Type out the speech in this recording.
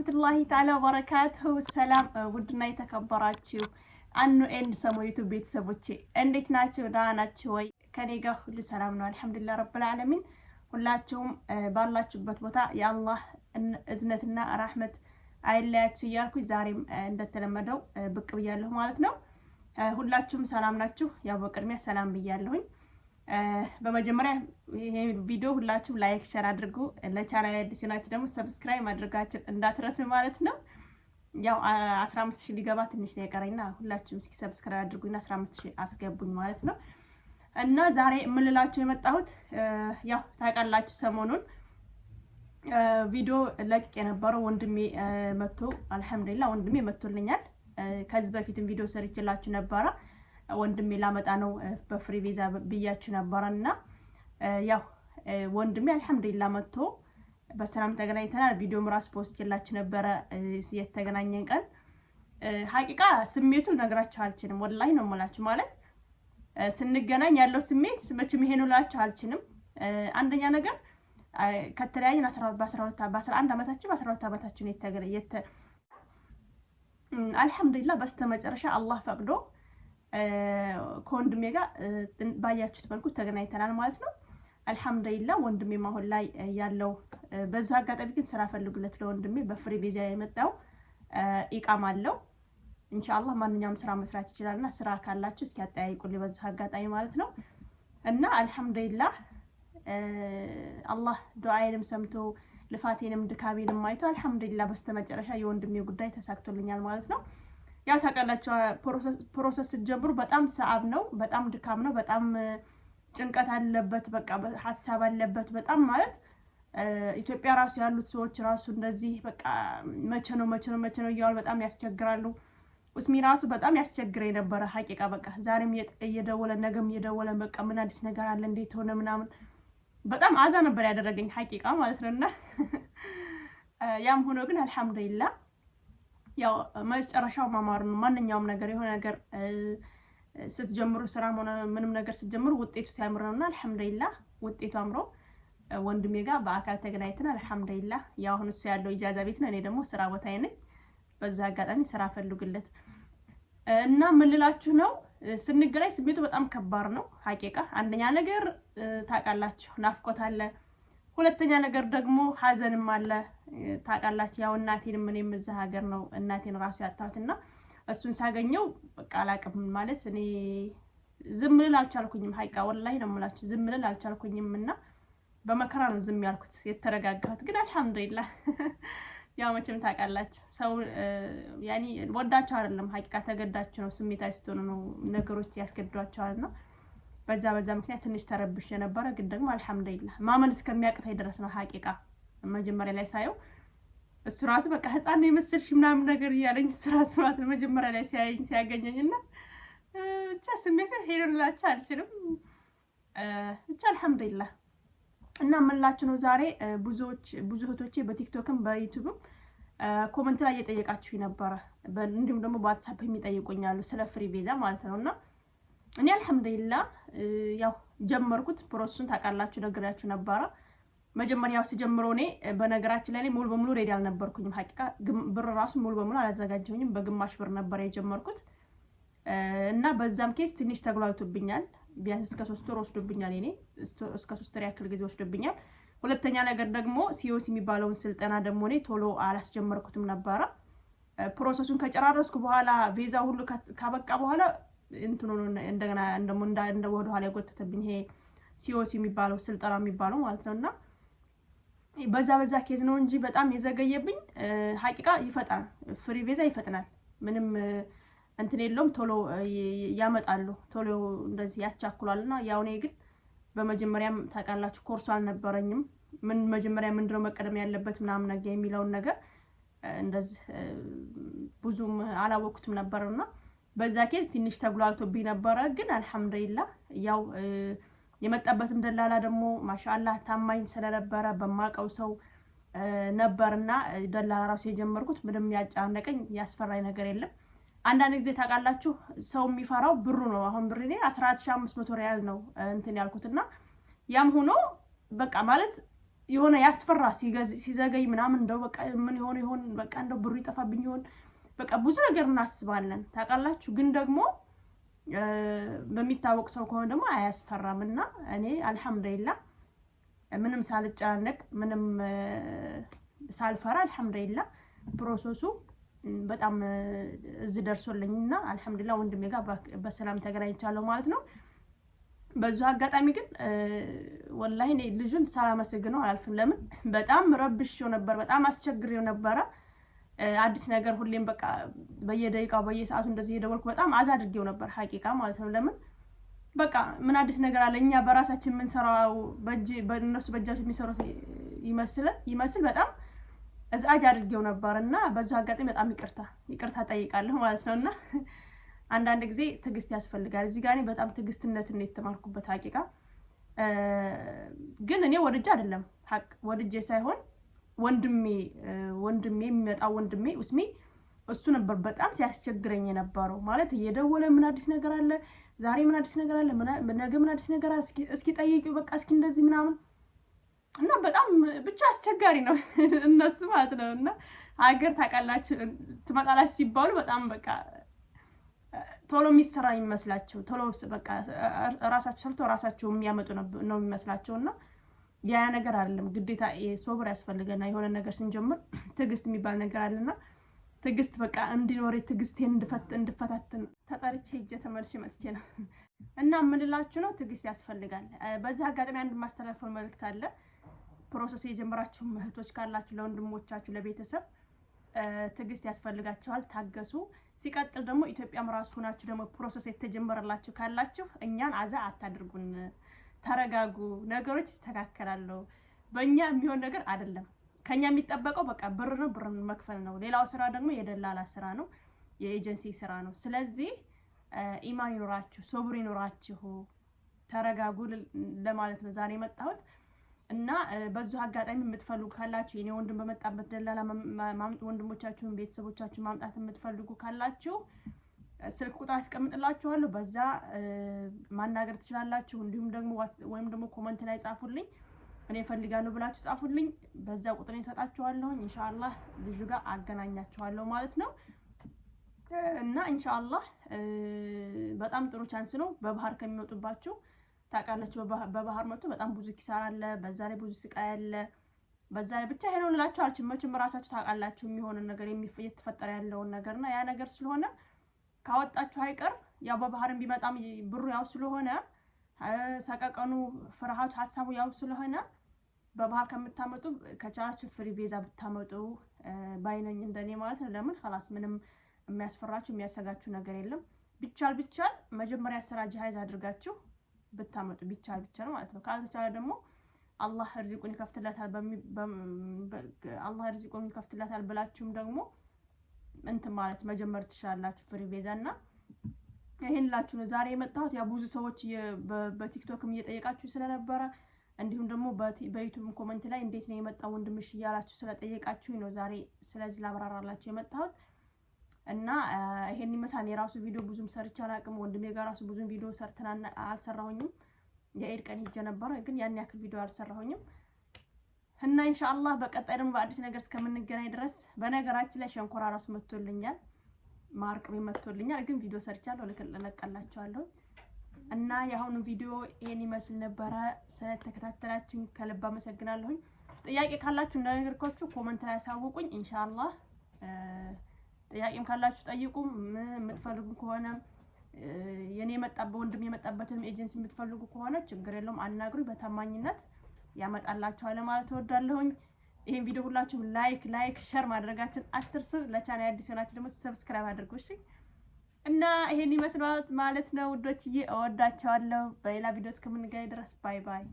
ወራህመቱላሂ ተዓላ ወበረካቱሁ። ሰላም ውድና የተከበራችሁ አኑ ኤንድ ሰሞ ዩቱብ ቤተሰቦቼ እንዴት ናቸው? ደህና ናቸው ወይ? ከኔ ጋር ሁሉ ሰላም ነው አልሐምዱሊላህ ረብል ዓለሚን። ሁላችሁም ባላችሁበት ቦታ የአላህ እዝነትና ራህመት አይለያችሁ እያልኩኝ ዛሬም እንደተለመደው ብቅ ብያለሁ ማለት ነው። ሁላችሁም ሰላም ናችሁ? ያው በቅድሚያ ሰላም ብያለሁኝ። በመጀመሪያ ይሄ ቪዲዮ ሁላችሁ ላይክ ሸር አድርጉ። ለቻናል አዲስ ናችሁ ደግሞ ሰብስክራይብ ማድረጋችሁ እንዳትረሱ ማለት ነው። ያው 15 ሺህ ሊገባ ትንሽ ነው የቀረኝና ሁላችሁም እስኪ ሰብስክራይብ አድርጉና 15 ሺህ አስገቡኝ ማለት ነው። እና ዛሬ የምልላችሁ የመጣሁት ያው ታውቃላችሁ ሰሞኑን ቪዲዮ ለቅቅ የነበረው ወንድሜ መጥቶ አልሐምዱሊላ ወንድሜ መጥቶልኛል። ከዚህ በፊትም ቪዲዮ ሰርችላችሁ ነበረ ወንድሜ ላመጣ ነው በፍሪ ቪዛ ብያችሁ ነበረና ያው ወንድሜ አልሐምዱሊላ መጥቶ በሰላም ተገናኝተናል። ቪዲዮም ራስ ፖስት ችላችሁ ነበረ የተገናኘን ቀን ሀቂቃ ስሜቱ ነግራችሁ አልችልም። ወላሂ ነው የምላችሁ ማለት ስንገናኝ ያለው ስሜት መቼም ይሄ ነው እላችሁ አልችልም። አንደኛ ነገር ከተለያየን በአስራ አንድ ዓመታችን በአስራ ሁለት ዓመታችን አልሐምዱሊላ በስተመጨረሻ አላህ ፈቅዶ ከወንድሜ ጋር ባያችሁት መልኩ ተገናኝተናል ማለት ነው። አልሐምዱሊላ ወንድሜ አሁን ላይ ያለው በዚሁ አጋጣሚ ግን ስራ ፈልጉለት ለወንድሜ በፍሪ ቪዛ የመጣው ኢቃም አለው። ኢንሻአላህ ማንኛውም ስራ መስራት ይችላልና ስራ ካላችሁ እስኪ አጠያይቁልኝ በዚሁ አጋጣሚ ማለት ነው። እና አልሐምዱሊላ አላህ ዱዓዬንም ሰምቶ ልፋቴንም ድካቤንም አይቶ አልሐምዱሊላ በስተመጨረሻ የወንድሜ ጉዳይ ተሳክቶልኛል ማለት ነው። ያው ታውቃላችሁ ፕሮሰስ ስትጀምሩ በጣም ሰአብ ነው፣ በጣም ድካም ነው፣ በጣም ጭንቀት አለበት፣ በቃ ሀሳብ አለበት። በጣም ማለት ኢትዮጵያ ራሱ ያሉት ሰዎች ራሱ እንደዚህ በቃ መቼ ነው መቼ ነው መቼ ነው እያሉ በጣም ያስቸግራሉ። ስሚ ራሱ በጣም ያስቸግረ የነበረ ሀቂቃ በቃ ዛሬም እየደወለ ነገም እየደወለ በቃ ምን አዲስ ነገር አለ እንዴት ሆነ ምናምን በጣም አዛ ነበር ያደረገኝ ሀቂቃ ማለት ነው። እና ያም ሆኖ ግን አልሐምዱሊላ ያው መጨረሻው ማማር ነው። ማንኛውም ነገር የሆነ ነገር ስትጀምሩ ስራ ሆነ ምንም ነገር ስትጀምሩ ውጤቱ ሲያምር ነውና አልሐምዱሊላህ ውጤቱ አምሮ ወንድሜ ጋር በአካል ተገናኝተን አልሐምዱሊላህ ያው አሁን እሱ ያለው ኢጃዛ ቤት ነው፣ እኔ ደግሞ ስራ ቦታ ነኝ። በዛ አጋጣሚ ስራ ፈልጉለት እና ምን ልላችሁ ነው ስንገናኝ ስሜቱ በጣም ከባድ ነው። ሀቂቃ አንደኛ ነገር ታውቃላችሁ ናፍቆት አለ ሁለተኛ ነገር ደግሞ ሀዘንም አለ ታውቃላችሁ። ያው እናቴንም እኔም እዛ ሀገር ነው እናቴን ራሱ ያጣሁት እና እሱን ሳገኘው በቃ አላቅም ማለት እኔ ዝም ልል አልቻልኩኝም። ሀይቃ ወላሂ ነው የምላችሁ ዝም ልል አልቻልኩኝም እና በመከራ ነው ዝም ያልኩት የተረጋጋሁት። ግን አልሐምዱሊላህ ያው መቼም ታውቃላችሁ ሰው ያኔ ወዳቸው አይደለም ሀቂቃ ተገዳቸው ነው ስሜታዊ ስትሆኑ ነው ነገሮች ያስገድዷቸዋል ነው በዛ በዛ ምክንያት ትንሽ ተረብሽ የነበረ ግን ደግሞ አልሐምዱሊላ ማመን እስከሚያቅተኝ ድረስ ነው። ሀቂቃ መጀመሪያ ላይ ሳየው እሱ ራሱ በቃ ህፃን ነው የመሰልሽ ምናምን ነገር እያለኝ እሱ ራሱ ማለት ነው መጀመሪያ ላይ ሲያየኝ ሲያገኘኝ እና ብቻ ስሜት ሄደላቸው አልችልም። ብቻ አልሐምዱሊላ እና የምላችሁ ነው ዛሬ ብዙዎች ብዙ እህቶቼ በቲክቶክም በዩቱብም ኮመንት ላይ እየጠየቃችሁ ነበረ። እንዲሁም ደግሞ በዋትሳፕ የሚጠይቁኛሉ ስለ ፍሪ ቪዛ ማለት ነው እና እኔ አልሐምዱሊላ ያው ጀመርኩት። ፕሮሰሱን ታውቃላችሁ፣ ነግራችሁ ነበረ። መጀመሪያ ስጀምሮ እኔ በነገራችን ላይ ሙሉ በሙሉ ሬዲ አልነበርኩኝም። ሀቂቃ ብር ራሱ ሙሉ በሙሉ አላዘጋጀሁኝም። በግማሽ ብር ነበረ የጀመርኩት እና በዛም ኬስ ትንሽ ተግሏልቶብኛል። ቢያንስ እስከ ሶስት ወር ወስዶብኛል። እኔ እስከ ሶስት ወር ያክል ጊዜ ወስዶብኛል። ሁለተኛ ነገር ደግሞ ሲዮስ የሚባለውን ስልጠና ደግሞ እኔ ቶሎ አላስጀመርኩትም ነበረ። ፕሮሰሱን ከጨራረስኩ በኋላ ቪዛ ሁሉ ካበቃ በኋላ እንትኑ እንደገና ደሞ እንደ ወደኋላ የጎተተብኝ ይሄ ሲኦሲ የሚባለው ስልጠና የሚባለው ማለት ነው እና በዛ በዛ ኬዝ ነው እንጂ በጣም የዘገየብኝ። ሀቂቃ ይፈጣል፣ ፍሪ ቪዛ ይፈጥናል። ምንም እንትን የለውም። ቶሎ ያመጣሉ፣ ቶሎ እንደዚህ ያስቻኩላል። እና ያው እኔ ግን በመጀመሪያም ታውቃላችሁ ኮርሱ አልነበረኝም። ምን መጀመሪያ ምንድነው መቀደም ያለበት ምናምን ነገር የሚለውን ነገር እንደዚህ ብዙም አላወቅኩትም ነበርና በዛ ኬዝ ትንሽ ተጉላልቶብኝ ነበረ። ግን አልሐምዱሊላ ያው የመጣበትም ደላላ ደግሞ ማሻአላህ ታማኝ ስለነበረ በማቀው ሰው ነበርና ደላላ ራሱ የጀመርኩት ምንም ያጫነቀኝ ያስፈራኝ ነገር የለም። አንዳንድ ጊዜ ታውቃላችሁ ሰው የሚፈራው ብሩ ነው። አሁን ብር እኔ አስራ ሪያል ነው እንትን ያልኩትና ያም ሆኖ በቃ ማለት የሆነ ያስፈራ ሲዘገይ ምናምን እንደው በቃ ምን ይሆን ይሆን በቃ እንደው ብሩ ይጠፋብኝ ይሆን በቃ ብዙ ነገር እናስባለን ታውቃላችሁ። ግን ደግሞ በሚታወቅ ሰው ከሆነ ደግሞ አያስፈራም እና እኔ አልሐምዱሊላ ምንም ሳልጨናነቅ ምንም ሳልፈራ አልሐምዱሊላ ፕሮሰሱ በጣም እዚህ ደርሶልኝ እና አልሐምዱሊላ ወንድሜ ጋር በሰላም ተገናኝቻለሁ ማለት ነው። በዚሁ አጋጣሚ ግን ወላሂ እኔ ልጁን ሳላመሰግነው አላልፍም። ለምን በጣም ረብሼው ነበር፣ በጣም አስቸግሬው ነበረ። አዲስ ነገር ሁሌም በቃ በየደቂቃው በየሰዓቱ እንደዚህ እየደወልኩ በጣም አዛ አድርጌው ነበር ሀቂቃ ማለት ነው። ለምን በቃ ምን አዲስ ነገር አለ? እኛ በራሳችን የምንሰራው በእነሱ በእጃቸው የሚሰሩት ይመስል ይመስል በጣም እዛጅ አድርጌው ነበር እና በዚሁ አጋጣሚ በጣም ይቅርታ ይቅርታ ጠይቃለሁ ማለት ነው። እና አንዳንድ ጊዜ ትዕግስት ያስፈልጋል። እዚህ ጋር እኔ በጣም ትዕግስትነትን ነው የተማርኩበት ሀቂቃ ግን እኔ ወድጄ አይደለም ሀቅ ወድጄ ሳይሆን ወንድሜ ወንድሜ የሚመጣ ወንድሜ ውስሜ እሱ ነበር በጣም ሲያስቸግረኝ የነበረው። ማለት እየደወለ ምን አዲስ ነገር አለ፣ ዛሬ ምን አዲስ ነገር አለ፣ ነገ ምን አዲስ ነገር አለ፣ እስኪ ጠይቂው፣ በቃ እስኪ እንደዚህ ምናምን እና በጣም ብቻ አስቸጋሪ ነው እነሱ ማለት ነው። እና ሀገር ታውቃላችሁ ትመጣላችሁ ሲባሉ በጣም በቃ ቶሎ የሚሰራ የሚመስላቸው ቶሎ በቃ ራሳቸው ሰርተው ራሳቸው የሚያመጡ ነው የሚመስላቸው እና ያ ነገር አይደለም። ግዴታ ሶብር ያስፈልገና የሆነ ነገር ስንጀምር ትዕግስት የሚባል ነገር አለና ትዕግስት በቃ እንዲኖሬ ትዕግስቴን እንድፈታትን ተጠርቼ ሄጄ ተመልሼ መጥቼ ነው እና የምንላችሁ ነው። ትዕግስት ያስፈልጋል። በዚህ አጋጣሚ አንድ ማስተላለፈው መልእክት አለ። ፕሮሰስ የጀመራችሁ እህቶች ካላችሁ ለወንድሞቻችሁ፣ ለቤተሰብ ትዕግስት ያስፈልጋችኋል። ታገሱ። ሲቀጥል ደግሞ ኢትዮጵያም ራሱ ሆናችሁ ደግሞ ፕሮሰስ የተጀመረላችሁ ካላችሁ እኛን አዛ አታድርጉን። ተረጋጉ፣ ነገሮች ይስተካከላሉ። በእኛ የሚሆን ነገር አይደለም። ከኛ የሚጠበቀው በቃ ብር ነው፣ ብር መክፈል ነው። ሌላው ስራ ደግሞ የደላላ ስራ ነው፣ የኤጀንሲ ስራ ነው። ስለዚህ ኢማን ይኖራችሁ፣ ሶብር ይኖራችሁ፣ ተረጋጉ ለማለት ነው ዛሬ የመጣሁት እና በዙ አጋጣሚ የምትፈልጉ ካላችሁ የኔ ወንድም በመጣበት ደላላ ወንድሞቻችሁን ቤተሰቦቻችሁን ማምጣት የምትፈልጉ ካላችሁ ስልክ ቁጥር አስቀምጥላችኋለሁ። በዛ ማናገር ትችላላችሁ። እንዲሁም ደግሞ ወይም ደግሞ ኮመንት ላይ ጻፉልኝ፣ እኔ እፈልጋለሁ ብላችሁ ጻፉልኝ። በዛ ቁጥር እሰጣችኋለሁኝ። ኢንሻአላህ ልጁ ጋር አገናኛችኋለሁ ማለት ነው እና ኢንሻአላህ በጣም ጥሩ ቻንስ ነው። በባህር ከሚወጡባችሁ ታውቃላችሁ፣ በባህር መጥቶ በጣም ብዙ ኪሳራ አለ፣ በዛ ላይ ብዙ ስቃይ አለ። በዛ ላይ ብቻ ሄደው ልላችሁ አልችልም። መቼም ራሳችሁ ታውቃላችሁ የሚሆንን ነገር የተፈጠረ ያለውን ነገርና ያ ነገር ስለሆነ ካወጣችሁ አይቀር ያው በባህርም ቢመጣም ብሩ ያው ስለሆነ ሰቀቀኑ፣ ፍርሃቱ፣ ሀሳቡ ያው ስለሆነ በባህር ከምታመጡ ከቻላችሁ ፍሪ ቪዛ ብታመጡ ባይነኝ እንደኔ ማለት ነው። ለምን ላስ ምንም የሚያስፈራችሁ የሚያሰጋችሁ ነገር የለም። ቢቻል ቢቻል መጀመሪያ ስራ ጅሃዝ አድርጋችሁ ብታመጡ ቢቻል ቢቻል ማለት ነው። ካልተቻለ ደግሞ አላህ ርዚቁን ይከፍትለታል አላህ ርዚቁን ይከፍትለታል ብላችሁም ደግሞ እንትን ማለት መጀመር ትችላላችሁ። ፍሪ ቤዛ እና ይሄን ላችሁ ነው ዛሬ የመጣሁት። ያ ብዙ ሰዎች በቲክቶክም እየጠየቃችሁ ስለነበረ እንዲሁም ደግሞ በዩቱብ ኮመንት ላይ እንዴት ነው የመጣው ወንድምሽ እያላችሁ ስለጠየቃችሁ ነው ዛሬ ስለዚህ ላብራራላችሁ የመጣሁት እና ይሄን ይመስላል። የራሱ ቪዲዮ ብዙም ሰርቼ አላቅም። ወንድሜ ጋር ራሱ ብዙም ቪዲዮ ሰርተና አልሰራሁኝም። የኤድ ቀን ሂጄ ነበረ፣ ግን ያን ያክል ቪዲዮ አልሰራሁኝም። እና ኢንሻአላህ በቀጣይ ደግሞ በአዲስ ነገር እስከምንገናኝ ድረስ በነገራችን ላይ ሸንኮራ ራሱ መጥቶልኛል፣ ማር ቅቤ መጥቶልኛል። ግን ቪዲዮ ሰርቻለሁ እለቀላችኋለሁ። እና የአሁኑ ቪዲዮ ይሄን ይመስል ነበረ። ስለተከታተላችሁኝ ከልብ አመሰግናለሁኝ። ጥያቄ ካላችሁ እንደነገርኳችሁ ኮመንት ላይ ያሳውቁኝ። ኢንሻአላህ ጥያቄም ካላችሁ ጠይቁ። የምትፈልጉ ከሆነ የኔ የመጣበት ወንድም የመጣበትንም ኤጀንሲ የምትፈልጉ ከሆነ ችግር የለውም፣ አናግሩኝ በታማኝነት ያመጣላችኋል ማለት ወዳለሁኝ። ይህን ቪዲዮ ሁላችሁም ላይክ ላይክ ሸር ማድረጋችን አትርሱ። ለቻናል አዲስ የሆናችሁ ደግሞ ሰብስክራይብ አድርጉ እሺ። እና ይሄን ይመስላል ማለት ነው ውዶችዬ፣ እወዳቸዋለሁ። በሌላ ቪዲዮ እስከምንገናኝ ድረስ ባይ ባይ።